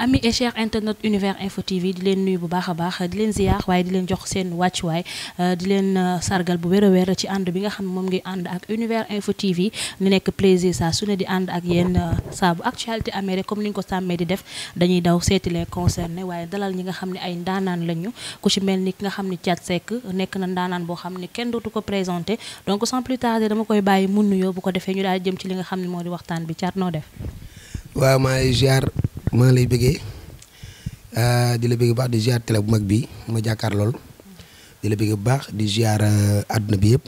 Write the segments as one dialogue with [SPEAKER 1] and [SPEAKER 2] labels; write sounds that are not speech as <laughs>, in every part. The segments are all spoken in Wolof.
[SPEAKER 1] ami et cher internet univers info tv di leen nuyu bu baax a baax di leen ziyaar waaye di leen jox seen wàccuwaay euh, di leen euh, sargal bu wér weer ci ànd bi nga xam ne moom ngi ànd ak univers info tv ñu nekk plaisir saa su ne di ànd ak yéen euh, saa bu actualité amee comme ni ñu ko sàmmee di def dañuy daw seeti les concernés waaye dalal ñi nga xam ne ay ndaanaan lañu ku ci mel ni ki nga xam ne Thiat Seck nekk na ndaanaan boo xam ne kenn dootu ko présenté donc sans plus tarder koy bàyyi mu nuyoo bu ko defee ñu daal jëm ci li nga xam ne moo di waxtaan bi Thiat noo
[SPEAKER 2] maa lay bëggee euh, di la bëggee bu baax di ziar télé bu mag bi ma jàkkaar lool di bu baax di ziar euh, àdduna bi yëpp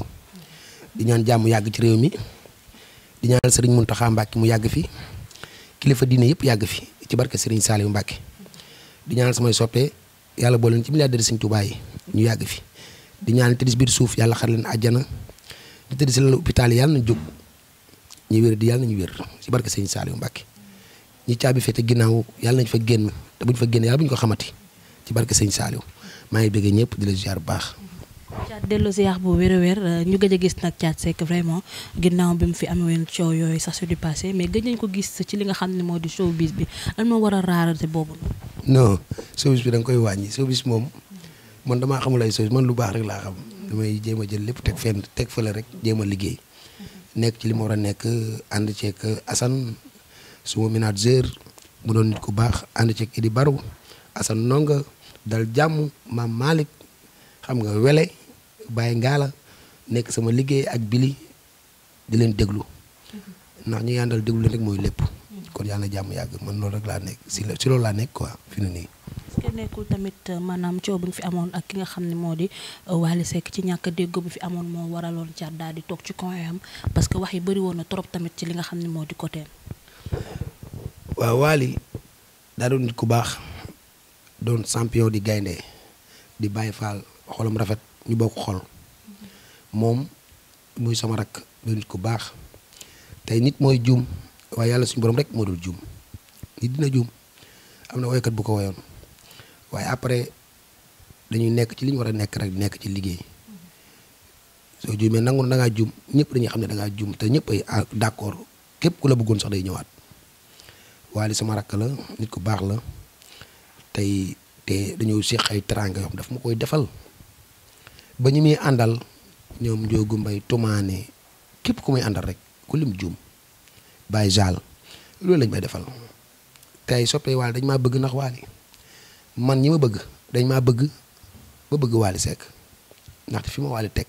[SPEAKER 2] di ñaan jàmm yàgg ci réew mi di ñaan mun Mountakha Mbacké mu yàgg fi kilifa diine yëpp yàgg fi ci barke Serigne yu Mbacké di ñaan samay soppee yàlla boole leen ci milliardaire Serigne Touba yi ñu yàgg fi di ñaan tëdd si biir suuf yàlla xar leen àjjana di tëdd si lalu yàlla na jóg ñu wér di yàlla nañu wér ci barke Serigne yu Mbacké ñi caabi fete ginnaaw yàlla nañ fa génn te buñ fa génn yàlla buñ ko xamati ci barke sëñ Saliou maa ngi bëggee ñëpp di la ziar bu baax.
[SPEAKER 1] Thiat dellu ziar bu wér a wér ñu gëj a gis nag Thiat Seck vraiment ginnaaw bi mu fi amee woon coow yooyu sax su di passé mais gëj nañ ko gis ci li nga xam ne moo di showbiz bi lan moo war a raarate boobu.
[SPEAKER 2] non showbiz bi da nga koy wàññi showbiz moom man damaa xamul ay showbiz man lu baax rek laa xam jéem a jël lépp teg fenn teg fële rek jéem a liggéey nekk ci li ma war a nekk ànd ceeg Assane. suma manager mu doon nit ku baax ànd ci Idi Barou Assane Ndonga dal jàmm maam Malick xam nga wele bàyyi ngaala nekk sama liggéey ak bili di leen déglu
[SPEAKER 1] mm-hmm.
[SPEAKER 2] ndax ñi àndal déglu leen rek mooy lépp kon yàlla na jàmm yàgg man loolu rek laa nekk si si loolu laa nekk quoi fi mu nii.
[SPEAKER 1] est-ce nekkul tamit euh, maanaam coow bu ñu fi amoon ak ki nga xam ne moo di euh, Wally Seck ci ñàkk dégg bu fi amoon moo waraloon car daal di toog ci coin am parce que wax yi bëri woon na trop tamit ci li nga xam ne moo di côté
[SPEAKER 2] waaw Wally daa doon nit ku baax doon champion di gaynde di Baye Fall xolam rafet ñu bokk xol moom muy sama rakk doon nit ku baax tey nit mooy jum waaye yàlla suñ borom rek moo dul juum nit dina juum am na woykat bu ko woyoon waaye après dañuy nekk ci li ñu war a nekk rek nekk ci liggéey soo juumee nangu na dangaa juum ñëpp dañuy xam ne dangaa juum te ñëpp a ah, d'accord képp ku la bëggoon sax day ñëwaat Waly sama rakk la nit ku baax la tey te dañoo séq ay teraanga yoo xam daf ma koy defal ba ñu muy àndal ñoom Njoogu Mbay Tumaane képp ku muy àndal rek ku lim juum bàyyi jaal loolu lañ may defal tey soppee Waly dañ maa bëgg ndax Waly man ñi ma bëgg dañ maa bëgg ba bëgg Waly Seck ndaxte fi ma Waly teg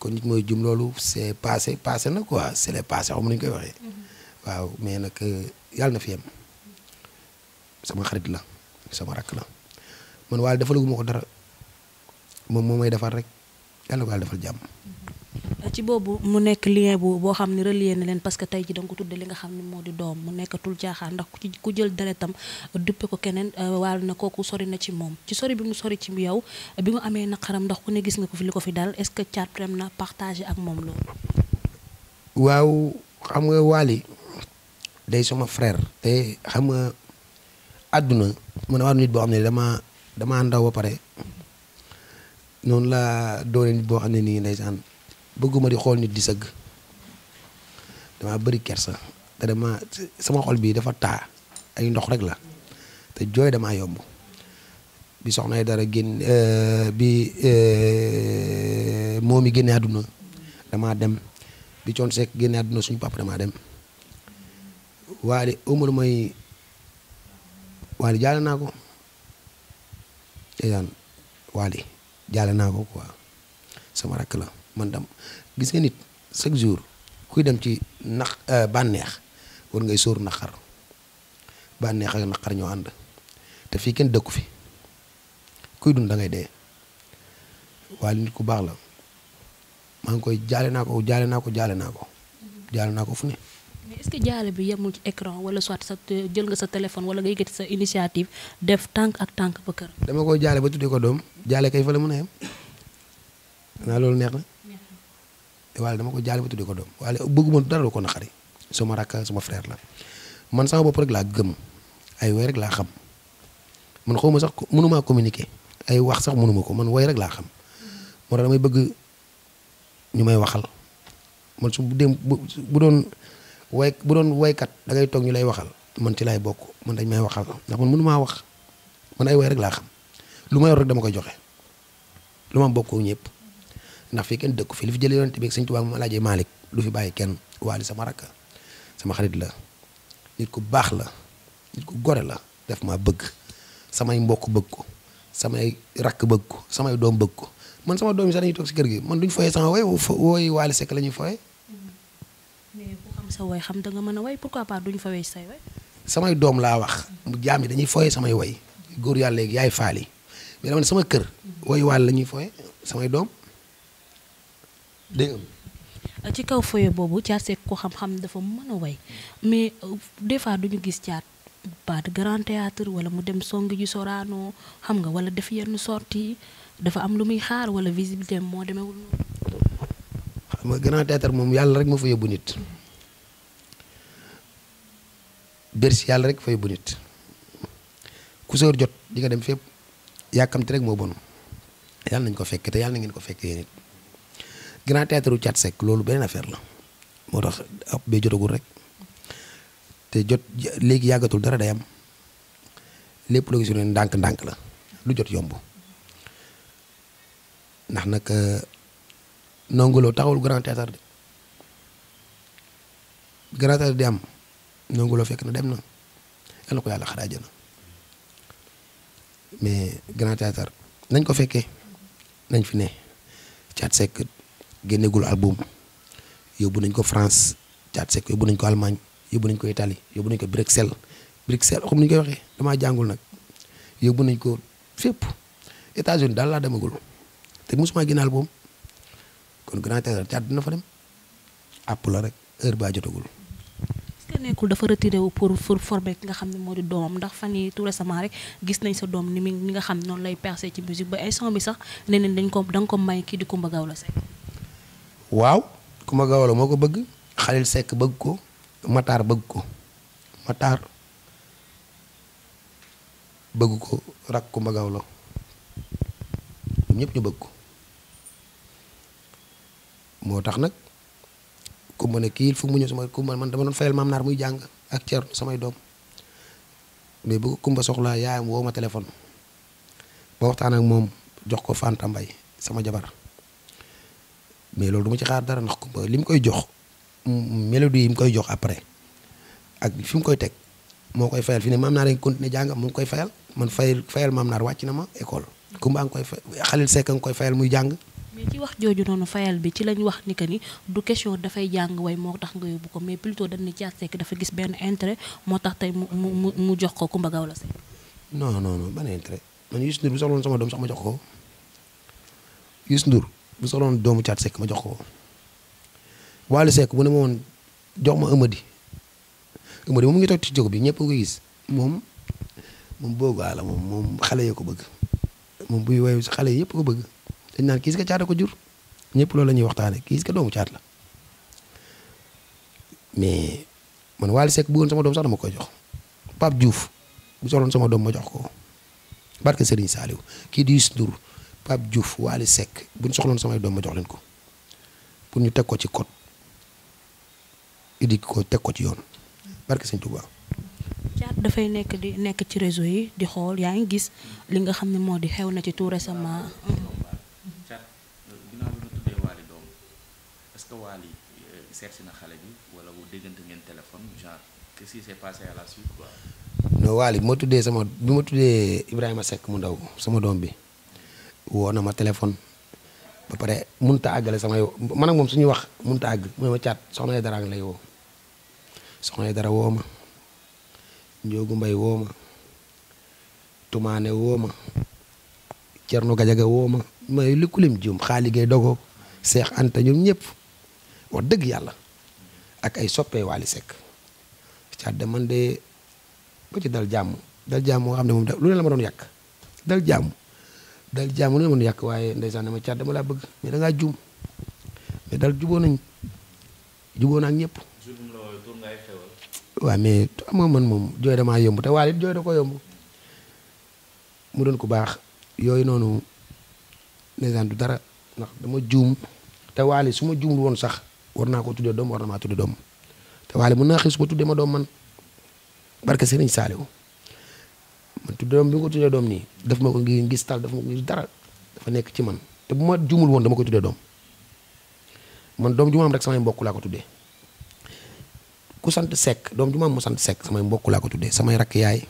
[SPEAKER 2] kon nit mooy jum loolu c'est passé passé na quoi c'est les passé xam ñu koy waxee mm-hmm. waaw mais nag euh, yàlla na fi yam sama xarit la sama rakk la man waaye defalaguma ko dara moom moo may defal rek yàlla ko yàlla defal jàmm.
[SPEAKER 1] Mm-hmm. ci boobu mu nekk lien bu boo xam ne relié na leen parce que tey ji da ko tudde li nga xam ne moo di doom mu nekkatul jaaxaar ndax ku ci ku jël deretam duppe ko keneen euh, waal na kooku sori na ci moom ci sori bi mu sori ci yow bi mu amee naqaram ndax ku ne gis nga ko fi li ko fi daal est-ce que caat prem na partage ak moom loolu.
[SPEAKER 2] waaw xam nga Waly day sama frère te xam a àdduna man a nit boo xam ne dama damaa ndaw ba pare noonu laa doone nit boo xam ne nii ndeysaan bëgguma di xool nit di sëgg dama bëri kersa te dama sama xol bi dafa taa ay ndox rek la te jooy damaa yomb bi soxna dara génn euh, bi euh, moom mi génne àdduna damaa dem bi coon seek génne àdduna suñu papa damaa dem waali Omar mooy waali jaale naa ko dégg waali jaale naa ko quoi sama rakk la man dam gis nit chaque jour kuy dem ci nax euh, bànneex war ngay sóor naqar bànneex ak naqar ñoo ànd te fii kenn dëkku fi kuy dund ngay de waali nit ku baax la maa ngi koy jaale naa ko jaale naa ko jaale naa ko jaale naa ko mais
[SPEAKER 1] est que jaale bi yemul ci écran wala soit sa jël nga sa téléphone wala nga yëkkati sa def tànk ak tànk ba
[SPEAKER 2] dama ko jaale ba tuddee ko doom jaale kay fa la mën a yem loolu neex na waaye dama ko jaale ba tuddee ko doom waaye bëgguma dara du ko naqari sama rakk sama frère la man sama bopp rek laa gëm ay way rek laa xam man xaw ma sax mënumaa communiquer ay wax sax mënuma ko man woy rek laa xam moo damay bëgg ñu may waxal man su bu bu doon. way bu doon woykat dangay toog ñu lay waxal man ci laay bokk man dañ may waxal ndax man mënu maa wax man ay way rek laa xam lu ma yor rek dama koy joxe lu ma mbokk ñëpp ndax fii kenn dëkku fi li fi jëlee yonent bi ak sëñ Tuubaa ma laajee Malick du fi bàyyi kenn waali sama rakka sama xarit la nit ku baax la nit ku gore la def ma bëgg samay mbokk bëgg ko samay rakk bëgg ko samay doom bëgg ko man sama doom yi sax dañuy toog si kër gi man duñ foyee sama woy woy sekk la ñuy
[SPEAKER 1] sa way xam da nga mën a way pourquoi pas duñ say way
[SPEAKER 2] samay doom laa wax mu jaam ñi dañuy fooye samay woy góor yàlla léegi yaay faali mais dama sama kër way waal la ñuy fooye samay doom euh,
[SPEAKER 1] kaw fooye boobu Thiat Seck ko xam-xam dafa mën a woy mais euh, des fois duñu gis Thiat pas de grand théâtre wala mu dem song ji soraanoo xam nga wala def yenn sorti dafa am lu muy xaar wala visibilité moo demewul noonu.
[SPEAKER 2] xam nga grand théâtre moom yàlla rek ma fa bu nit. bersi yàlla rek fay bu nit ku jot di nga dem fépp yàkkamti rek moo bon yàlla nañ ko fekk te yàlla na ngeen ko fekke yéen it grand théâtre u Thiat Seck loolu beneen affaire la moo tax bee jotagul rek te jot léegi yàggatul dara day am lépp loo gis ne ndànk-ndànk la lu jot yomb ndax nag euh, nongoloo taxawul grand théâtre de grand théâtre di am nangu loo fekk na dem na yàlla ko yàlla xaraaja na mais grand théâtre nañ ko fekkee nañ fi ne Thiat Seck génneegul album yóbbu nañ ko France Thiat Seck yóbbu nañ ko Allemagne yóbbu nañ ko Italie yóbbu nañ ko Bruxelles Bruxelles xam nañ koy waxee damaa jàngul nag yóbbu nañ ko fépp États-Unis daal laa demagul te mosuma génne album kon grand théâtre Thiat na fa dem àpp la rek heure baa jotagul
[SPEAKER 1] que nekkul dafa retiré wu pour pour former ki nga xam ne moo di doomam ndax fan yi tout récemment rek gis nañ sa doom ni mi nga xam noonu lay percé ci musique ba instant bi sax nee nañ dañ ko da nga ko may kii di Coumba Gawlo Seck
[SPEAKER 2] waaw Coumba Gawlo moo ko bëgg Khalil Seck bëgg ko Matar bëgg ko Matar bëgg ko rak Coumba Gawlo ñëpp ñu bëgg ko moo tax nag ku ma ne kii il faut mu ñëw sama kumba man dama doon fayal maam naar muy jàng ak Thierno samay doom mais bu ko kumba soxlaa yaayam woo ma téléphone ba waxtaan ak moom jox ko Fanta mbay sama jabar mais loolu du ci xaar dara ndax kumba li mu koy jox mélodie yi mu koy jox après ak fi mu koy teg moo koy fayal fi ne maam naar dañ continuer jàng mu ngi koy fayal man fayal fayal maam naar wàcc na ma école kumba a ngi koy fay Xalil Seck a ngi koy fayal muy jàng.
[SPEAKER 1] mais ci wax jooju noonu fayal bi ci lañ wax ni que ni du question dafay jàng way moo tax nga yóbbu ko mais plutôt dañ ne Thiat Seck dafa gis benn intérêt moo tax tey mu mu mu jox ko Coumba Gawlo la
[SPEAKER 2] non non non ban man Youssou Ndour bu soxla woon sama doom sax ma jox ko doomu Thiat Seck ma jox ko Wally Seck bu ne ma woon jox ma Amady Amady moom ngi toog ci jóg bi ñëpp nga gis moom moom boogaa la moom moom xale yi ko bëgg moom buy woy xale yëpp ko bëgg. dañ naan kiis ka caata ko jur ñëpp loolu la ñuy waxtaane kiis ka doomu caat la mais man Wally Seck bëggoon sama doom sax dama koy jox Pape Diouf bu soloon sama doom ma jox ko barke sëriñ Saliou kii di Youssou Ndour juuf Diouf Wally Seck buñ soxloon samay doom ma jox leen ko pour ñu teg ko ci code di ko teg ko ci yoon barke Serigne Touba.
[SPEAKER 1] caat dafay nekk di nekk ci réseau yi di xool yaa ngi gis li nga xam ne moo di xew na ci tout récemment.
[SPEAKER 2] que Wally euh, seet na xale bi wala bu déggante ngeen téléphone genre qu'est-ce qui s'est ma tuddee sama bi ma tuddee Ibrahima sekk mu ndaw sama doom bi woo na ma téléphone ba pare mënut a àggale samay man moom suñuy wax mënut a àgg mooy ma caat soxna yi dara lay woo soxna yi dara woo ma Njóogu Mbay woo ma Tumaane woo ma Gajaga woo may li kulim jiwum xaali gay Seex Anta ñëpp wax dëgg yàlla ak ay soppee Wally Seck caat de man de ba ci dal jàmm dal jàmm moo xam ne moom lu ne la ma doon yàkk dal jàmm dal jàmm lu ne la ma doon yàq waaye ndeysaan ne ma caat laa bëgg mais da juum mais dal juboo nañ juboo na ak ñëpp waaw mais am nga man moom jooy damaa yomb te waaye it jooy da ko yomb mu doon ko baax yooyu noonu ndeysaan du dara ndax dama juum te waale su ma juumul woon sax war naa ko tuddee doom war na maa tuddee doom te waale mën naa xëy su ko tuddee ma doom man barke Serigne Saliou man tuddee doom bi nga doom nii daf ma ko ngir gis tal daf ma ko ngir dara dafa nekk ci man te bu ma juumul woon dama koy tuddee doom man doom ju ma am rek samay mbokk laa ko ku sant Seck doom ju ma am mu sant samay mbokk laa ko tuddee samay rakk yaay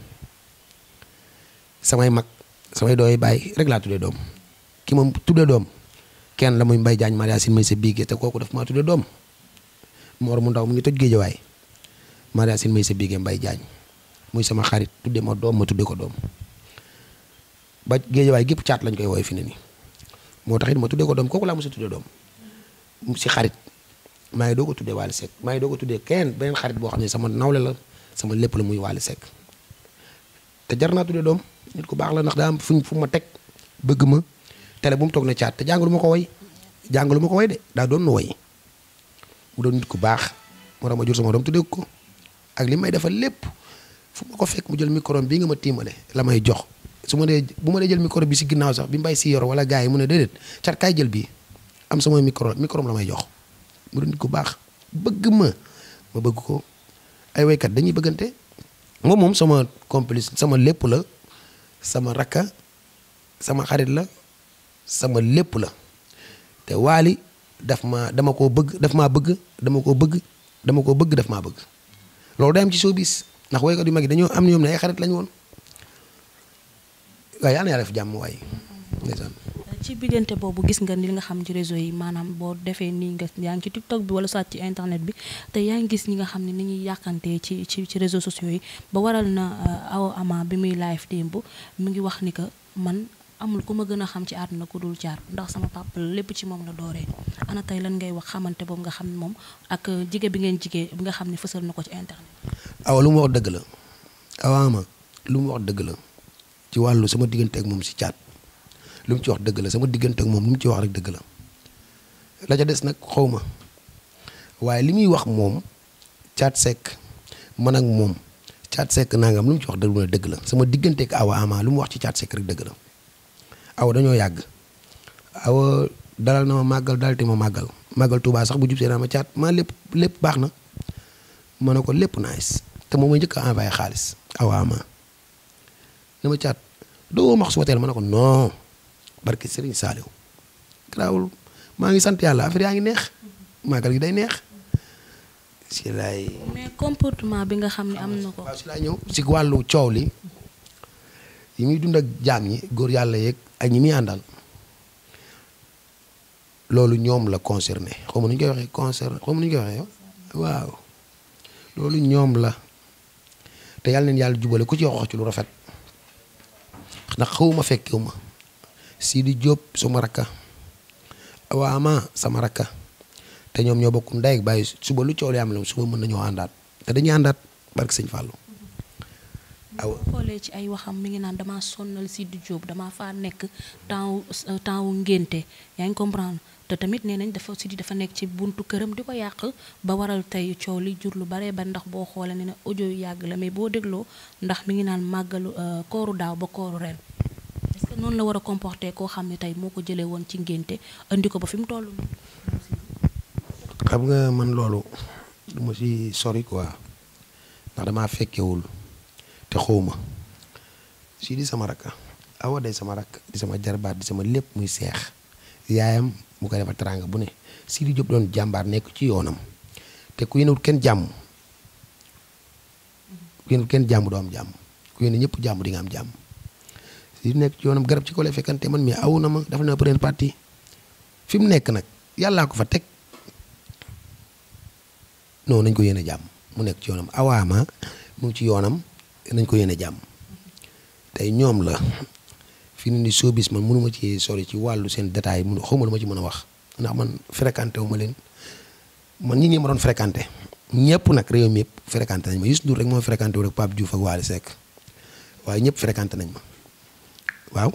[SPEAKER 2] samay mag samay dooy baay rek laa tuddee doom ki ma tuddee doom kenn la muy Mbaye Diagne Maria Sine may sa biige te kooku daf maa tuddee doom Mor mu ndaw mu ngi toj géejawaay Maria Sine may sa bigee Mbay Jaañ muy sama xarit tudde ma doom ma tudde ko doom ba géejawaay gépp caat lañ koy woowee fi ne nii moo tax it ma tudde ko doom kooku laa mos a tudde doom si xarit maa ngi doo ko tudde Waly Seck maa ngi doo ko tudde kenn beneen xarit boo xam ne sama nawle la sama lépp la muy Waly Seck te jar naa tudde doom nit ko baax la ndax daa fu fuñ fu ma teg bëgg ma télé bu mu toog ne caat te jàngalu ma ko woy jàngalu ma ko woy daa doon nu woy mu doon nit ku baax moo tax ma jur sama doom tuddee ko ak li may defal lépp fu ma ko fekk mu jël micro bi nga ma tiimale la may jox su ma dee bu ma dee jël micro bi si ginnaaw sax bi mbay si yor wala gars yi mu ne déedéet cat kaay jël bi am sama micro micro la may jox mu doon nit ku baax bëgg ma ma bëgg ko ay waykat dañuy bëggante moom moom sama complice sama lépp la sama rakka sama xarit la sama lépp la te waali daf ma dama koo bëgg daf maa bëgg dama koo bëgg dama koo bëgg daf maa bëgg loolu day am ci showbiz ndax woykat yu mag yi dañoo am ñoom ne ay xarit lañ woon waaye yàlla na yàlla def jàmm waaye ndeysaan
[SPEAKER 1] ci biddante boobu gis nga li nga xam ci réseau yi maanaam boo defee nii nga yaa ngi ci tiktok bi wala soit ci internet bi te yaa ngi gis ñi nga xam ne ni ñuy yàqantee ci ci ci réseaux sociaux yi ba waral na euh, aw ama bi muy live démb mu ngi wax ni que man amul ku ma gën a xam ci àdduna ku dul caar ndax sama papa lépp ci moom la dooree ana tey lan ngay wax xamante boobu nga xam ne moom ak jigéen bi ngeen jigéen bi nga xam ni fësal na ko ci internet.
[SPEAKER 2] awa lu mu wax dëgg la avant ma lu mu wax dëgg la ci wàllu sama diggante moom si caat lu mu ci wax dëgg la sama diggante moom mu ci wax rek dëgg la la ca des nag xaw ma waaye li muy wax moom caat sekk man ak moom caat sekk nangam lu mu ci wax dëgg dëgg la sama awa ama lu mu wax ci caat sekk rek dëgg la. aw dañoo yàgg aw dalal na ma màggal dalal te ma màggal màggal Touba sax bu jub see naa ma caat maa lépp lépp baax na ma ne ko lépp nice te moom ma njëkk a envoyé xaalis awaama na ma caat doo max su wateel ma maa ngi sant yàlla affaire yaa ngi neex màggal gi day neex si laay. comportement
[SPEAKER 1] bi nga xam ne am na ko. si laay ñëw
[SPEAKER 2] si wàllu coow li yi muy dund ak jaam yi góor yàlla yéeg ak ñi àndal loolu ñoom la concerné xaw ma ñu koy waxee concerné xaw ma nu ñu koy waaw loolu ñoom la te yàlla neen yàlla jubale ku ci wax ci lu rafet ndax xawuma fekkewu ma di jóob suma rakka awaama sama rakka te ñoom ñoo bokk ndey ak bàyyi suba lu coow li am la suba mën nañoo àndaat te dañuy àndaat barke sëñ Fallou
[SPEAKER 1] aw xoolee ci ay waxam mi ngi naan damaa sonnal Sidy Diop damaa fa nekk temps euh, temps wu ngénte yaa ngi comprendre te tamit nee nañ dafa Sidy dafa nekk ci buntu këram di ko yàq ba waral tey coow li jur lu bare ba ndax boo xoolee ne ne ojo yu yàgg la mais boo dégloo ndax mi ngi naan màggalu euh, kooru daaw ba kooru ren est que noonu la war a comporter koo xam ni tey moo ko jëlee woon ci ngénte andi ko ba fi mu toll.
[SPEAKER 2] xam nga man loolu du ma si sori quoi ndax damaa fekkewul te xaw ma si di sama rakk awa day sama rakk di sama jarbaat di sama lépp muy seex yaayam mu ko defal teraanga bu ne si di Diop doon jàmbaar nekk ci yoonam te ku yéenewul kenn jàmm ku yéenewul kenn jàmm doo am jàmm ku yéene ñëpp jàmm di nga am jàmm si di nekk ci yoonam garab ci ko lay fekkante man mi aw na ma dafa na première partie fi mu nekk nag yàllaa ko fa teg non nañ ko yéene jàmm mu nekk ci yoonam awaama mu ngi ci yoonam nañ ko yéene jàmm tey ñoom la fi mu ne nii man mënu ma ci sori ci wàllu seen détail mënu xaw ma lu ma ci mën a wax ndax man fréquenté wu ma leen man ñi ñi ma doon fréquenté ñëpp nag réew mi yëpp fréquenté nañ ma Youssou Ndour rek moo fréquenté wu rek ju Diouf ak Wally waaye ñëpp fréquenté nañ ma waaw.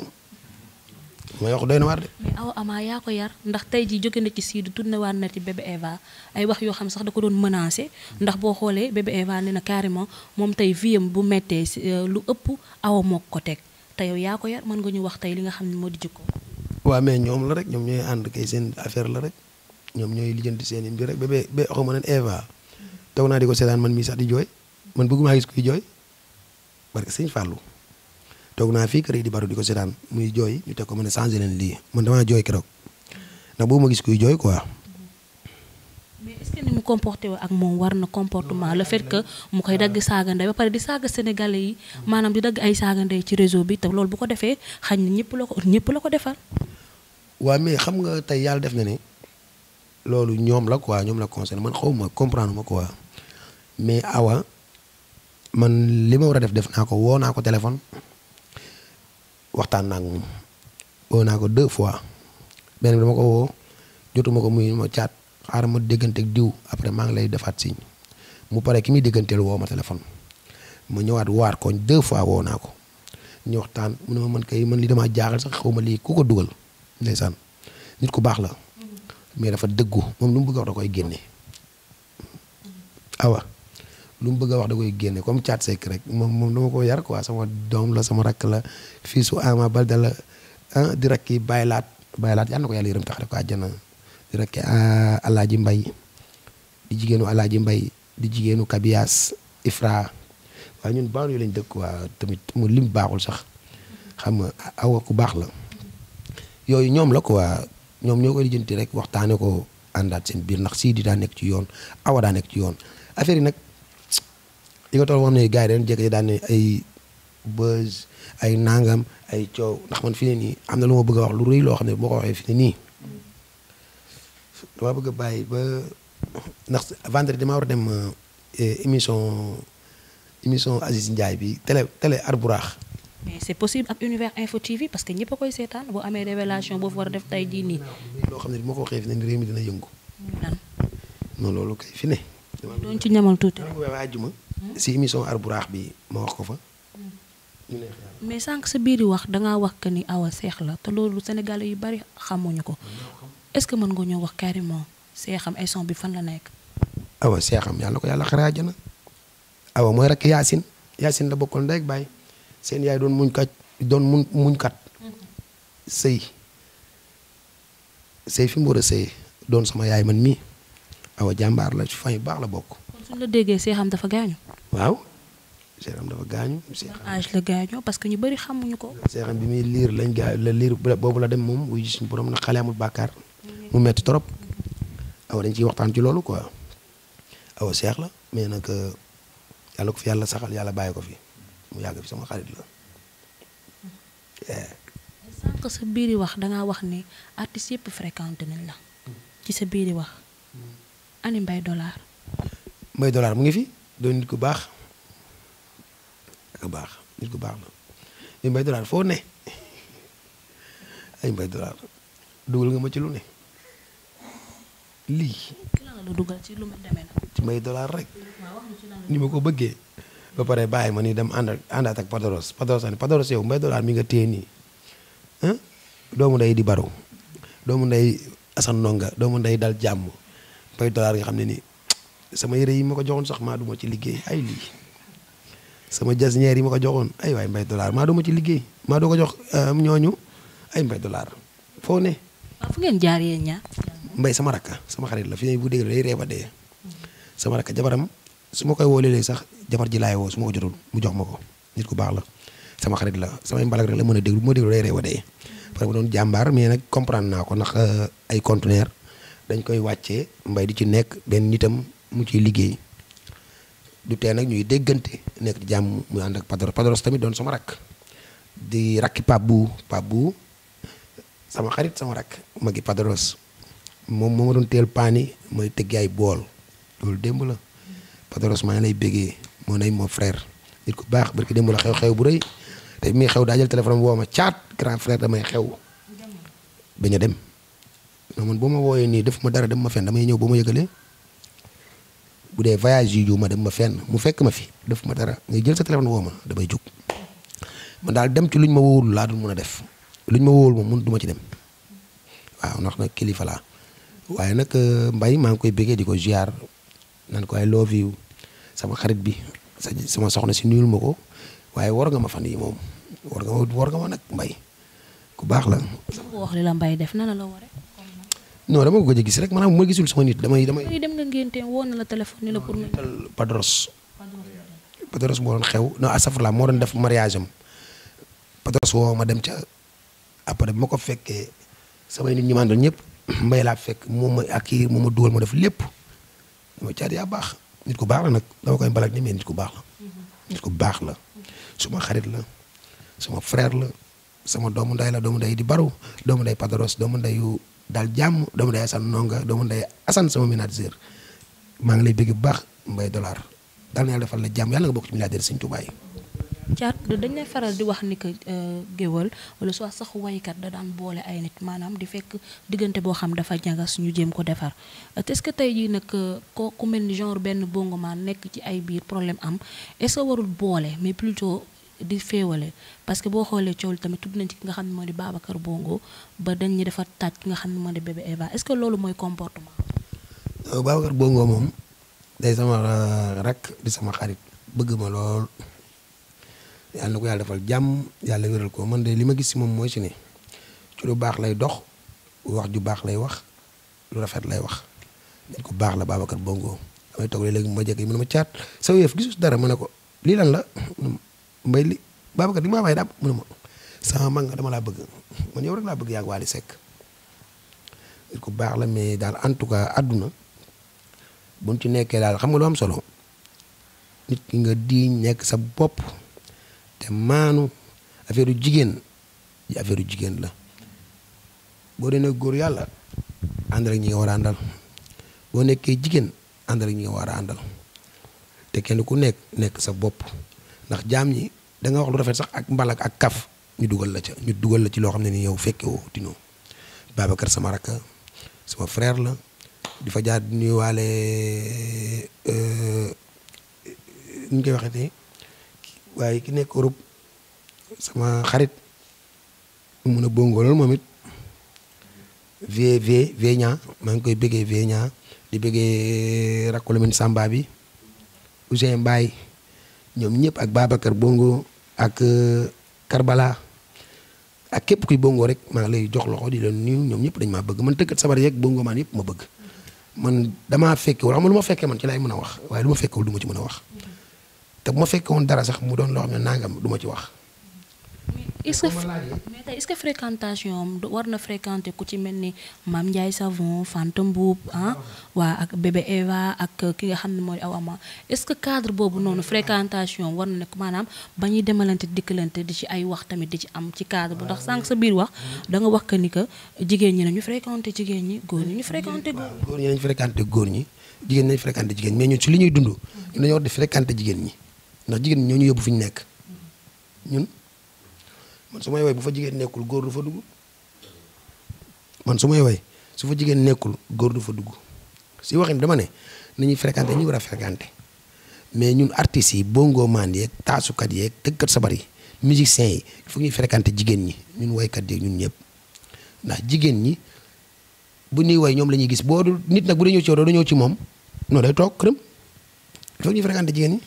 [SPEAKER 2] may wax doy na waar de.
[SPEAKER 1] mais aw Ama yaa ko yar ndax tey ji jóge na ci Sidy tourné waat na ci bébé Eva ay wax yoo xam sax da ko doon menacé ndax boo xoolee bébé Eva nee na carrément moom tey viem bu méttee euh, lu ëpp awa moo ko teg te yow yaa ko yar mën nga ñu wax tey li nga xam ne moo di ko
[SPEAKER 2] waa mais ñoom la rek ñoom ñooy ànd kay seen affaire la rek ñoom ñooy lijjanti seen mbir rek bébé bé xaw ma ne Eva toog naa di ko seetaan man mii sax di jooy man bëgguma gis kuy jooy parce que sëñ toog naa fii kër yi di di ko seetaan muy jooy ñu teg ko ma ne changé leen lii man damaa jooy keroog ndax boobu ma gis kuy jooy quoi.
[SPEAKER 1] mais est mu comporté woo ak moom war na comportement le fait mu koy dagg saaga ndey di saaga sénégalais yi maanaam di dagg ay saaga ci réseau bi te loolu bu ko defee xañ na ñëpp la ko ñëpp la ko defal.
[SPEAKER 2] waaw mais xam nga tey yàlla def na ne loolu ñoom la quoi ñoom la concerné man xaw ma comprendre ma quoi mais awa man li ma war a def def naa ko woo naa ko téléphone. waxtaan naa naa ko deux fois benn bi dama ko woo jotuma ko muy ma caat xaaral ma dégganteeg diw après maa ngi lay defaat signe mu pare ki muy dégganteel woo ma téléphone ma ñëwaat waar ko deux fois woo naa ko ñu waxtaan mu ne ma man kay man li damaa jaaxal sax xaw ma lii ku ko dugal ndeysaan nit ku baax la mm-hmm. mais dafa dëggu moom lu mu bëgg a koy génne lu mu bëgg a wax da koy génne comme Thiat Seck rek moom moom dama ko yar quoi sama doom la sama rakk la fii su Ama Baldé a ah di rakki baylaat baylaat yal na ko yàlla yërëm tax rek ko àjjana di ah Alaaji Mbay di jigéenu Alaaji Mbay di jigéenu Kabias Ifra waaye ñun baalu lañ dëkk waa tamit mu lim baaxul sax xam nga awa baax la yooyu ñoom la ko waa ñoom ñoo koy lijjanti rek waxtaane ko àndaat seen biir ndax sii di daa nekk ci yoon awa daa nekk ci yoon affaire yi nag li nga toll boo xam ne gars yi dañu jékki daan ne ay buzz ay nangam ay coow ndax man fi ne nii am na lu bëgg wax lu loo xam ne boo ko fi ne nii bëgg a bàyyi ba ndax vendredi damaa war a dem eh, émission émission Aziz Ndiaye bi télé télé Arbouraax.
[SPEAKER 1] mais c'est possible ak Univers Info TV parce que ñëpp koy seetaan boo amee révélation boo def tey jii nii.
[SPEAKER 2] xam ne bu ma mi dina yëngu. non loolu kay fi ne. doon ci ñamal tuuti rek waaye ajjuma si émission Arbouraax bi ma wax ko fa
[SPEAKER 1] mais sànq sa biir wax dangaa wax que ni Awa Seex la te loolu Sénégalais yu bari xamuñu ko est-ce que mën nga ñoo wax carrément seexam ay son bi fan la nekk
[SPEAKER 2] Awa seexam yàlla ko yàlla xare àjjana Awa mooy rek Yaasin Yaasin la bokkal ndey baay seen yaay doon muñ kat doon muñ muñkat mm-hmm. sëy sëy fi mu war a sëy doon sama yaay man mii awa jàmbaar la ci fan yu baax la bokk.
[SPEAKER 1] kon suñu la déggee seexam dafa gaañu.
[SPEAKER 2] waaw seexam dafa gaañu. seexam
[SPEAKER 1] âge la parce que ñu bëri xamuñu ko.
[SPEAKER 2] seexam bi muy liir lañ gaa la liir boobu la dem moom suñ suñu borom na xale amul bàkkaar mu metti trop awa dañ ciy waxtaan ci loolu quoi awa seex la mais nag euh, yàlla ko fi yàlla saxal yàlla bàyyi ko fi mu yàgg fi sama xarit la.
[SPEAKER 1] Eh. sànq sa biiri wax da wax ne artistes yëpp fréquenté nañ la. ci sa biiri wax. ani Mbaye Dollar.
[SPEAKER 2] mu ngi fi doo nit ku baax ku baax nit ku baax la Mbaye Dollar foo ne ay Mbaye Dollar dugal nga ma ci lu ne lii.
[SPEAKER 1] la ci lu mu demee
[SPEAKER 2] nag. Dollar rek. ni ma ko bëggee. ba pare bàyyi ma ni dem ànd ak àndaat ak Padaros Padaros ani Padaros yow Mbaye Dollar mi nga téye nii doomu nday di baro doomu nday asan nonga doomu nday dal jàmm. bay dollar nga xam ne nii sama yére yi ma ko joxoon sax maa duma ci liggéey ay lii sama jasñeer yi ma ko joxoon ay waay mbay dollar maa duma ci liggéey maa doo ko jox euh, ñooñu ay mbay dollar foo ne. waaw ah, fu ngeen mbay sama rakka sama xarit la fi bu déglu day reeba dee sama rakka su ma koy woo léeg sax jabar ji laay woo su ma jotul mu jox ma ko ku baax la sama xarit la samay mbalak la mën a déglu bu ma déglu day reeba parce que doon jàmbaar mais nag comprendre naa ko ndax euh, ay conteneur dañ koy wàcce mbay di ci nekk benn nitam mu ciy liggéey du tee nag ñuy déggante nekk di jàmm mu ànd ak Padros Padros tamit doon sama rakk di rakki Pape Bou Pape Bou sama xarit sama rakk magi Padros moom moo ma doon teel paani mooy tëgg ay bool loolu démb la Padros maa ngi lay bégee moo nay moo frère nit ku baax barki démb la xew-xew bu rëy te mi xew daajal jël téléphone ma caat grand frère damay xew bañ a dem non man boo ma wooyee nii def ma dara dem ma fenn damay ñëw boo ma yëgalee bu dee voyage yi ju ma dem ma fen mu fekk ma fi defuma dara ngay jël sa téléphone woo ma damay jóg man daal dem ci luñ ma wóolu laa dul mën a def luñ ma wowul moom mun du ma ci dem waaw ndax nag kilifa laa waaye nag euh, mbay maa ngi koy béggee di ko ziar nan ko ay love sama xarit bi sama soxna si nuyul ma ko waaye war nga ma fan moom war nga ma war nga ma nag mbay ku baax la. non dama ko gëj gis rek maanaam bu ma gisul sama nit damay damay.
[SPEAKER 1] dem na ngénte woon na la téléphone ni la pour.
[SPEAKER 2] Padros. Padros moo doon xew non asafurla moo doon def mariage Padros woo ma dem ca après bu ma ko fekkee samay nit ñi ma àndoon ñëpp <clears throat> mbay laa fekk moom ma ak moom ma dugal ma def lépp dama caat yaa baax nit ko baax la nag dama koy mbalak ni mais nit ku baax la. Mm-hmm. nit ku baax la suma xarit la suma frère la sama doomu nday la doomu nday di baru doomu nday Padros doomu daal jàmm doomu day Assane Ndonga doomu day Assane sama manager maa ngi lay bëgg bu baax Mbaye Dollar daal na yàlla defal la jàmm yàlla nga bokk ci milliardaire Sëñ Tuubaa yi
[SPEAKER 1] caat dañ faral di wax ni que euh, géwal wala soit sax waykat da daan boole ay nit maanaam di fekk diggante boo xam dafa ñagas suñu jéem ko defar euh, est-ce que tey jii nag euh, kooku mel ni genre benn bongoman nekk ci ay biir problème am est-ce que warul boole mais plutôt di féewale parce que boo xoolee coow li tamit tudd nañ ci nga xam ne moo di Babacar Bongo ba dañ ñu dafa taaj ki nga xam ne ma di bébé Eva est-ce que loolu mooy comportement.
[SPEAKER 2] Euh, Babacar Bongo moom day sama euh, rak di sama xarit bëgg ma lool yàlla na ko yàlla defal jàmm yàlla wéral ko man de li ma gis si moom mooy si ne ci lu baax lay dox wax ju baax lay wax lu rafet lay wax nit ku baax la Babacar Bongo damay toog léeg-léeg ma jekk yi mu ma caat sa wéef gisus dara ma ne ko lii lan la. mbay li Babacar li maa fay dab mu ne ma sama mag nga dama laa bëgg man yow rek laa bëgg yàgg Wally Seck ku baax la mais daal en tout cas àdduna buñ ci nekkee daal xam nga lu am solo nit ki nga di nekk sa bopp te maanu affaire yu jigéen ji affaire yu jigéen la boo dee nekk góor yàlla àndal ak ñi nga war a àndal boo nekkee jigéen àndal ak ñi nga war a te kenn ku nekk nekk sa bopp ndax jaam ñi danga wax lu rafet sax ak mbalak ak kaf ñu dugal la ca ñu dugal la ci loo xam ne ni yow fekke woo tinoo Babacar sama rakk sama frère la di fa jaar di nuyuwaale euh, nuñ koy waxee ne waaye ki nekk Europe sama xarit mun a bongo lool moom it vie vie Vénia maa ngi koy bëggee Vénia di bëggee euh, rakku Lamine Samba bi Ousseyn ñoom ñëpp ak Babacar Bongo ak euh, Karbala ak képp kuy Bongo rek maa lay jox loxo di leen nuyu ñoom ñëpp dañ maa bëgg man tëkkat sabar yeeg Bongo maan yëpp ma bëgg man damaa fekke wala xam lu ma fekkee man ci lay mën a wax waaye lu ma fekkewul du ma ci mën a wax te bu ma fekke woon dara sax mu doon loo xam ne nangam du ma ci wax est-ce
[SPEAKER 1] ce que fréquentation war na fréquenter ku ci mel ni Mame Ndiaye Savon Fanta Mboup ah, ah waa ak bébé Eva ak euh, ki nga xam ne mooy aw ama est-ce que cadre boobu noonu fréquentation war na nekk maanaam ba ñuy demalante dikkalante di ci ay wax tamit di ci am ci cadre bu ndax sànq sa biir wax da nga wax que ni que jigéen ñi nañu fréquenter jigéen ñi góor ñi ñu fréquenter góor
[SPEAKER 2] góor ñi nañu fréquenter góor ñi jigéen nañu fréquenter jigéen mais ñun ci li ñuy dund ñun dañoo war jigéen ñi ndax jigéen ñi ñoo ñu yóbbu fi ñu nekk ñun man su may way bu fa jigéen nekkul góor du fa dugg man su may way su jigéen nekkul góor du fa dugg si waxin dama ne nañuy fréquenté ñu war a fréquenté mais ñun artistes yi bongo maan yeeg taasukat yeeg tëggkat sabar yi musiciens yi fu ñuy fréquenté jigéen ñi ñun waykat yeeg ñun ñëpp ndax jigéen ñi bu ñuy way ñoom la ñuy gis boo du nit nag bu dee ñëw ci ci moom non day toog këram il faut ñuy fréquenté jigéen ñi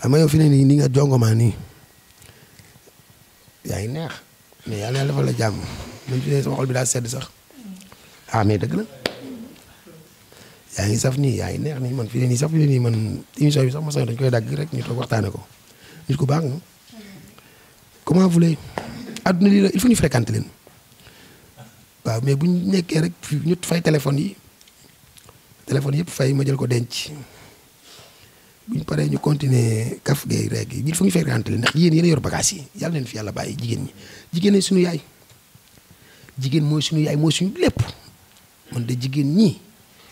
[SPEAKER 2] xam nga fi ne nii ni nga jongomaa yaa ngi neex mais yàlla na defal la jàmm même si sama xol bi daa sedd sax ah mais dëgg la yaa ngi saf nii yaa ngi neex nii man fii nii saf nii man émission bi sax ma soxla dañu koy dagg rek ñu toog waxtaane ko nit ko baax nga comment voulez adduna lii la il faut ñu fréquenter leen waaw mais bu ñu nekkee rek fi ñu fay téléphone yi téléphone yëpp fay ma jël ko denc. buñ paree ñu continuer kaf geeg reeg yi il faut ñu fekkante ndax yéen yéen a yor bagage yi yàlla leen fi yàlla bàyyi jigéen ñi jigéen ñi suñu yaay jigéen mooy suñu yaay mooy suñu lépp man de jigéen ñi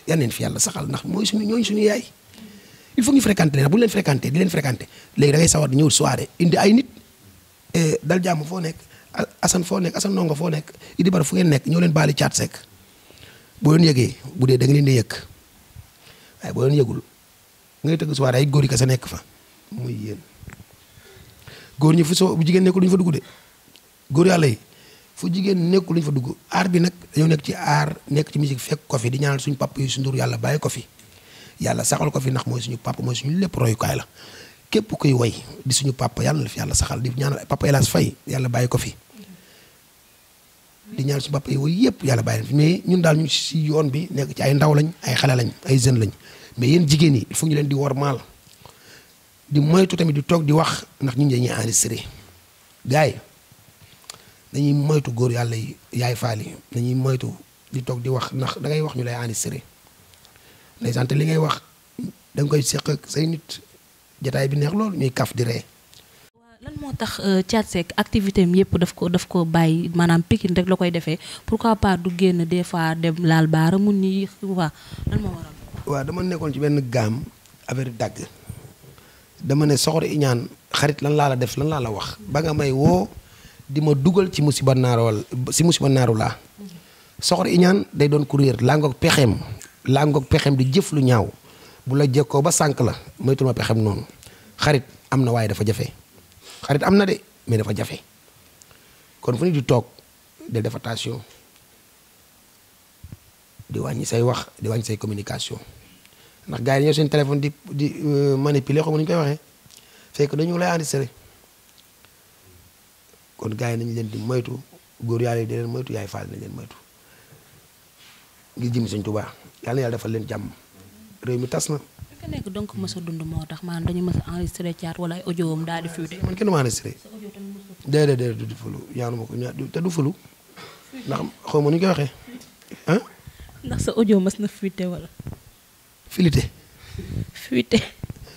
[SPEAKER 2] yàlla leen fi yàlla saxal ndax mooy suñu ñooy suñu yaay il faut ñu fréquenter leen bu ñu leen fréquenter di leen fréquenter léegi da ngay sawar di ñëw soirée indi ay nit eh, dal jàmm foo nekk Assane foo nekk Assane Ndongo foo nekk Idi Bara fu ngeen nekk ñoo leen baali caat sekk boo leen yëgee bu dee da leen di yëg waaye boo leen yëgul ngay tëgg soirée ay góor yi sa nekk fa muy yéen góor ñi fu so bu jigéen nekkul ñu fa dugg de góor yàlla yi fu jigéen nekkul lu ñu fa dugg aar bi nag dañoo nekk ci aar nekk ci musique fekk ko fi di ñaanal suñu pàpp yu sundur yàlla bàyyi ko fi yàlla saxal ko fi ndax mooy suñu papa mooy suñu lépp royukaay la képp kuy woy di suñu papa yàlla la fi yàlla saxal di ñaanal papa hélas fay yàlla bàyyi ko fi di ñaanal suñu papa yi woy yëpp yàlla bàyyi fi mais ñun daal ñu si yoon bi nekk ci ay ndaw lañ ay xale lañ ay jeunes lañ mais yéen jigéen yi il ñu leen di wormaal di moytu tamit di toog di wax ndax ñun dañuy enregistré gars yi dañuy moytu góor yàlla yi yaay faal yi dañuy moytu di toog di wax ndax da ngay wax ñu lay enregistré ndeysaan te li ngay wax da koy seq say nit jataay bi neex loolu ñuy kaf di ree
[SPEAKER 1] lan moo tax euh, Thiat Seck activité am yëpp daf ko daf ko bàyyi maanaam Pikine rek la koy defee pourquoi pas du génn des fois dem laal baara mun ñi waa
[SPEAKER 2] waa dama nekkoon ci benn gaam affaire dàgg dama ne soxor iñaan xarit lan laa la def lan laa la wax ba nga may woo di ma dugal ci musiba naaru si musiba naaru laa soxor iñaan day doon ku réer laa ngoog pexeem laa ngoog pexeem di jëf lu ñaaw bu la jekkoo ba sànq la moytul ma pexeem noonu xarit am na waaye dafa jafe xarit am na de mais dafa jafe kon fu ñu di toog del def attention di wàññi say wax di wàññi say communication ndax gaa yi dañoo seen téléphone di di euh, manipuler xaw nu ñu koy waxee fekk dañu lay enregistré kon gars yi nañu leen di moytu góor yàlla yi di leen moytu yaay faal nañu leen moytu ngir jëm Sëñ Tuubaa yàlla na yàlla defal leen jàmm réew mi tas na.
[SPEAKER 1] fi nekk dund moo tax maanaam dañu mës a enregistré wala ay audio daal di fuité. man kenn ma
[SPEAKER 2] enregistré. déedéet déedéet xaw ma nu ñu
[SPEAKER 1] koy waxee ndax sa audio
[SPEAKER 2] mës na fuité wala. filité. fuité.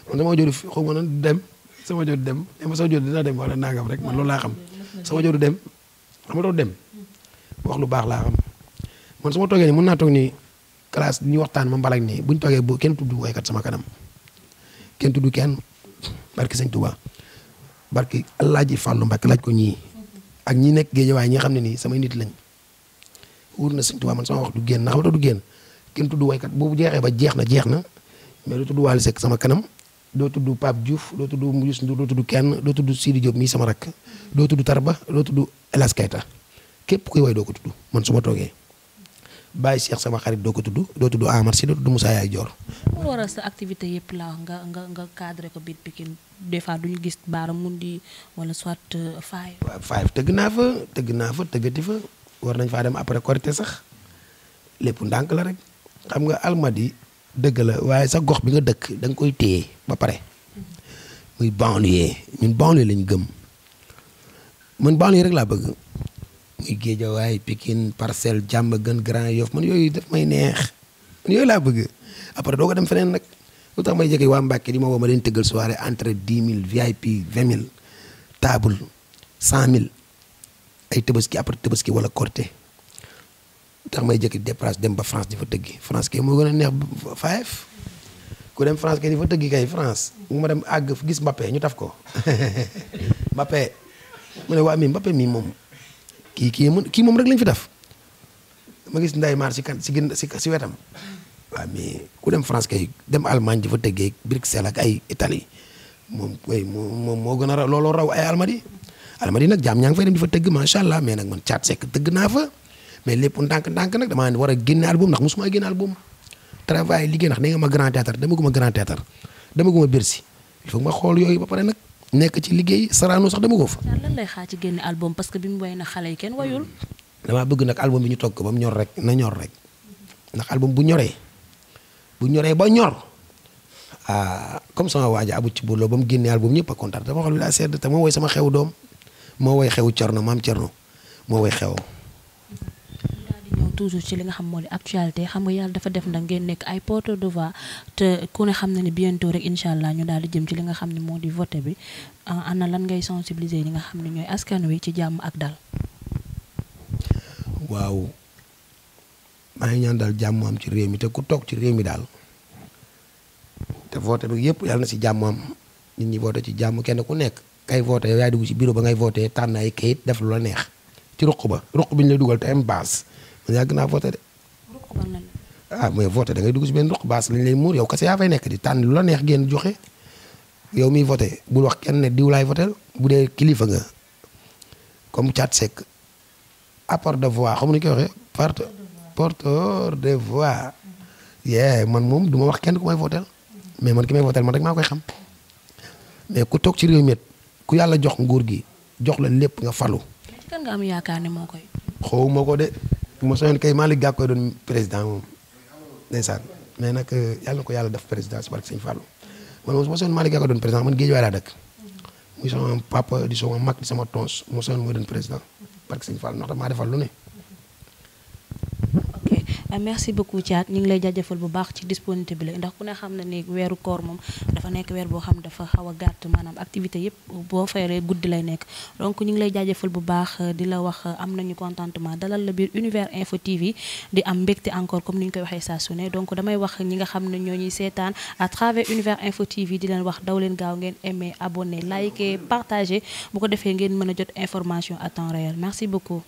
[SPEAKER 2] man damaa jooju xaw ma nan dem sama jooju dem ma sama jooju dina dem rek man loolu laa xam sama jooju dem xam dem lu baax laa xam man su ma toogee nii mën naa toog nii classe ñu waxtaan ma mbalak ni bu ñu toogee bu kenn tudd woykat sama kanam kenn tudd kenn barki sëñ Touba barki Alaaji Fàllu Mbàkke laaj ko ñii ak ñi nekk géej waaye ñi xam ne nii sama nit lañ wóor na sëñ Touba man sama wax du génn na xam du génn. kenn tudd waykat boobu jeexee ba jeex na jeex na mais doo tudd Wally Seck sama kanam doo tudd Pape Diouf doo tudd Youssou Ndour doo tudd kenn doo tudd Sidi Diop mii sama rakk doo tuddu Tarba doo tudd Elas képp kuy way doo ko tudd man su ma toogee bàyyi Cheikh sama xarit doo ko tudd doo tudd Amar doo tudd Moussa Yaay Joor.
[SPEAKER 1] moo waral sa activité yëpp la nga nga nga ko biir Pikine des gis Baara Mundi wala soit euh, Faye.
[SPEAKER 2] waaw Faye tëgg naa fa tëgg naa fa tëggati fa war nañ faa dem après Korité sax lépp ndànk la rek. xam nga almadi dëgg la waaye sa gox bi nga dëkk da koy téye ba pare muy banlieue ñun banlieue lañ gëm man banlieue rek laa bëgg muy Géejawaay Pikine Parcelles Diamaguène Grand Yoff man yooyu daf may neex man yooyu laa bëgg après doo ko dem feneen nag lu tax may jege waa Mbàkke di ma woo ma leen tëggal soirée entre dix mille VIP vingt mille table cent mille ay tabaski après tabaski wala korté tax may jëkki déplace dem ba France di fa tëggi France kay moo gën a neex faayef ku dem France kay di fa tëggi kay France mu ma dem àgg gis Mbappé ñu taf ko <laughs> Mbappé mu ne waa mi Mbappé mii moom kii kii moom kii moom rek lañ fi def ma gis Nday Maar si gën si si wetam waa mais ku dem France kay dem Allemagne di fa tëggee Bruxelles ak ay itali moom koy moom moo gën a raw looloo raw ay Almadi Almadi nag jaam ñaa ngi fay dem di fa tëgg macha allah mais nag man caat sekk tëgg naa fa. mais lépp ndànk-ndànk nag damaa war a génne album ndax mosuma génne album travail liggéey ndax nee nga ma grand théâtre dama guma grand théâtre dama guma ma xool yooyu ba pare nag nekk ci liggéey saraanu sax dama ko a
[SPEAKER 1] lan lay xaar ci génne album parce que bi mu way na xale yi kenn wayul.
[SPEAKER 2] damaa bëgg nag album bi ñu togg ko ba mu ñor rek na ñor rek ndax album bu ñoree bu ñoree ba ñor ah, comme sama waaja abu ci booloo ba mu génnee album ñëpp a dama xool bi laa sedd te moo sama xew doom moo woy xewu Cerno maam Cerno moo woy xew
[SPEAKER 1] toujours ci li nga xam moo di actualité xam nga yàlla dafa def nag ngeen nekk ay pot de voix te ku ne xam na ne bientôt rek incha allah ñu daal di jëm ci li nga xam ne moo di vote bi am ah, na lan ngay sensibiliser ñi nga xam ne ñooy askan wi ci jàmm ak dal.
[SPEAKER 2] waaw maa daal jàmm am ci réew mi te toog ci réew mi daal te vote bi yëpp yàlla na si jàmm am nit ñi vote ci jàmm kenn ku nekk. kay voté yow yaay dugg ci bureau ba ngay voté tànn ay kayit def lu la neex ci ruq ba ruq bi ñu lay dugal te am base man yàgg naa voté de. ah mais voté da ngay dugg si benn ruq baas lañ lay muur yow kese yaa fay nekk di tànn lu la neex génn joxe yow mii voté bul wax kenn ne diw laay bu dee kilifa nga comme Thiat Seck apport de voix xam ni koy waxee porte porteur de voix yee man moom duma wax kenn ku may voté mais man ki may voté man rek maa koy xam mais ku toog ci réew mi ku yàlla jox nguur gi jox la lépp nga falu.
[SPEAKER 1] kan
[SPEAKER 2] ma ko de. ma soxla kay Malick Gakou doon président moom ndeysaan mais nag euh, yàlla na ko yàlla def président si barke Sëñ Fallou man ma soxla Malick Gakou doon président man Guédiawaye laa dëkk muy sama papa di sama mag di sama tons ma soxla moo doon président barke Sëñ Fallou ndax damaa defal lu ne.
[SPEAKER 1] Ah, merci beaucoup Thiat ñu ngi lay jaajëfal bu baax ci disponibilité bi la ndax ku ne xam na ni weeru koor moom dafa nekk weer boo xam dafa xaw a gàtt maanaam activité yëpp boo feeree guddi lay nekk donc ñu ngi lay jaajëfal bu baax euh, di la wax euh, am nañu contentement dalal la biir Univers Info TV di am mbégte encore comme ni ñu koy waxee saa su ne donc damay wax ñi nga xam ne ñoo ñuy seetaan à travers Univers Info TV di leen wax daw leen gaaw ngeen aimer abonné liker partager bu ko defee ngeen mën a jot information à temps réel merci beaucoup